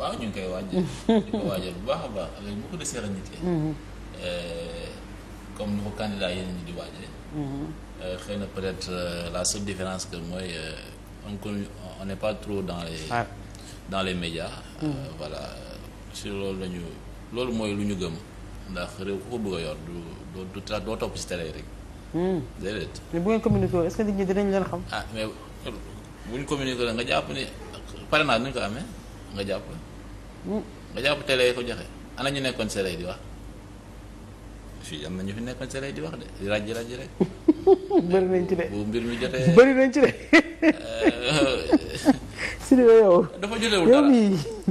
waaw ñu ngi koy waajal. Mm-hmm. di ko waajal bu baax a baax avec beaucoup de sérénité. comme ni ko candidat yeneen ñi di waajale mm-hmm. eh, xëy na peut-être eh, la seule différence que mooy eh, on on n'est pas trop dans les. Ah. dans les médias. Mm-hmm. voilà si loolu la mooy lu ñu gëm ndax réew ku ko bëgg a yor du doo topp si télé rek. Mm. déedéet. mais bu ngeen communiqué est ah, mais bu ñu communiqué nga jàpp ni parrainage nu ñu ko amee nga jàpp. nga hmm. jàpp télé yi ko joxe ana ñu nekkoon sélé di wax fii am na ñu fi nekkoon sélé di wax de di ràjji ràjji rek. bëri nañ ci de bu mbir mi jotee bëri nañ ci de. si li yow. dafa jotewul dara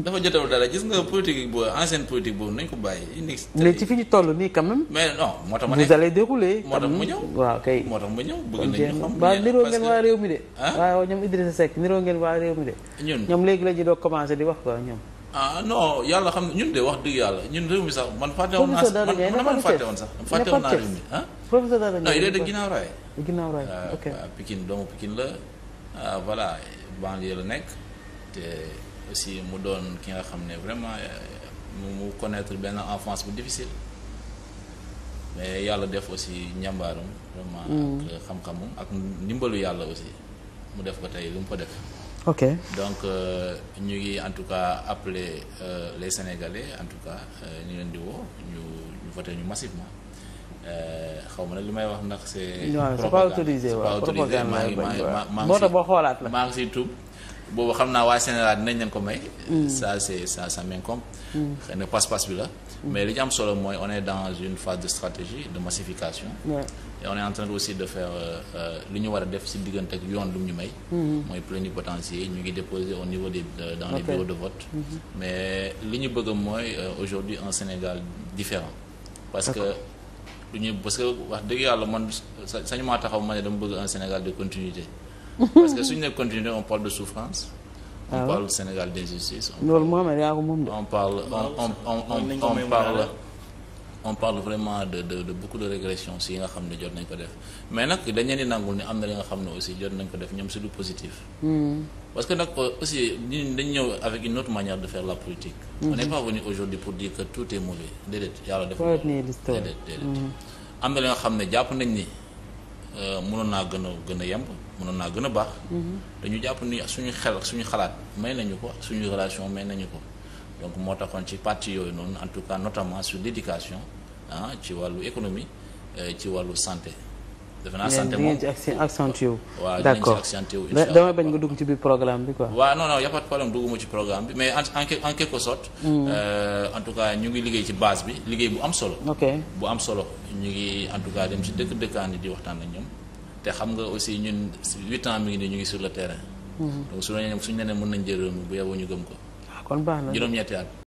dafa jotewul dara gis nga politique boobu ancienne politique boobu nañ ko bàyyi. indi mais ci fi ñu toll nii quand même. mais non moo tax ma nekk vous allez dérouler. moo tax mu ñëw waaw kay moo tax mu ñëw bëgg nañ ñu xam. waaw niroo ngeen waa réew mi de. waaw ñoom Idrissa Seck niroo ngeen waa réew mi de. ñun ñoom léegi la ñu doog commencé di wax quoi ñoom. ah non yàlla xam ne ñun de wax dëgg yàlla ñun réew mi sax man fàtte woon naa man fàtte woon sax fàtte woon naa réew mi ah professeur Dada Ndiaye non il ah, ah, doomu Pikine la ah, voilà banlieue la nekk te aussi mu doon ki nga xam ne vraiment euh, mu connaître benn enfance bu difficile mais yàlla def aussi njàmbaaram vraiment mm. ak xam-xamum ak ndimbalu yàlla aussi mu def ko tey lu mu ko def ok donc euh, ñu ngi en tout cas appeler euh, les sénégalais en tout cas euh, ñu leen di woo ñu ñu voté ñu massivement xaw ma nag li may wax ndax c' est. c'est pas autorisé waaw propagande maa ngi maa ngi boo xoolaat la maa ngi si tuub boobu xam naa waa Sénégal dinañ leen ko may. Mm. ça c' est ça ça m' mm. passe-passe bi la. mais li ñu am solo mooy on est dans une phase de stratégie de massification. et on est en train aussi de faire euh, euh, li ñu war a def si diggante ak yoon lu ñu may. Mhm. mooy plénipotentiaire ñu ngi déposer au niveau des euh, dans okay. les bureaux de vote. Mm -hmm. mais li ñu bëgg mooy aujourd'hui un Sénégal différent parce que lu ñu parce que wax dëgg yàlla man sañ maa taxaw ma ne dama bëgg un Sénégal de continuité. parce que suñu ne continuité on parle de souffrance. on ah parle Sénégal d'injustice. loolu moom yaa ko moom de. on parle on parle on parle vraiment de de de beaucoup de régression si yi nga xam ne jot nañ ko def mais nag dañ leen di nangul ne am na li nga xam ne aussi jot nañ ko def ñoom c'est du positif. Hmm. parce que nag euh, aussi ñun dañ ñëw avec une autre manière de faire la politique. on n'est hmm. pas venu aujourd'hui pour dire que tout est mauvais déedéet yàlla def. déedéet déedéet. Hmm. am na li nga xam ne jàpp nañ ni. Euh, mënoon naa gën a gën a yemb mënoon naa gën a baax. Mm-hmm. dañu jàpp ni suñu xel ak suñu xalaat may nañu ko suñu relation may nañu ko donc moo taxoon ci parti yooyu noonu en tout cas notamment su dédication ah ci wàllu économie euh, ci wàllu santé. defe naa santé moom dinañ ci accentué wu. waaw dinañ ci accentué wu incha allah damay bañ nga dugg ci biir programme bi ko waaw non non y' a problème dugguma ci programme bi mais en en quelque sorte. Mm. Euh, en tout cas ñu ngi liggéey ci base bi liggéey bu am solo. ok bu am solo ñu ngi en tout cas dem ci dëkk dëkkaan yi di waxtaan ak ñoom te xam nga aussi ñun huit ans mi ngi nii ñu ngi sur le terrain. Mm. donc su ne nee suñu nañ jël réew ñu gëm ko. Ah, kon baax na at.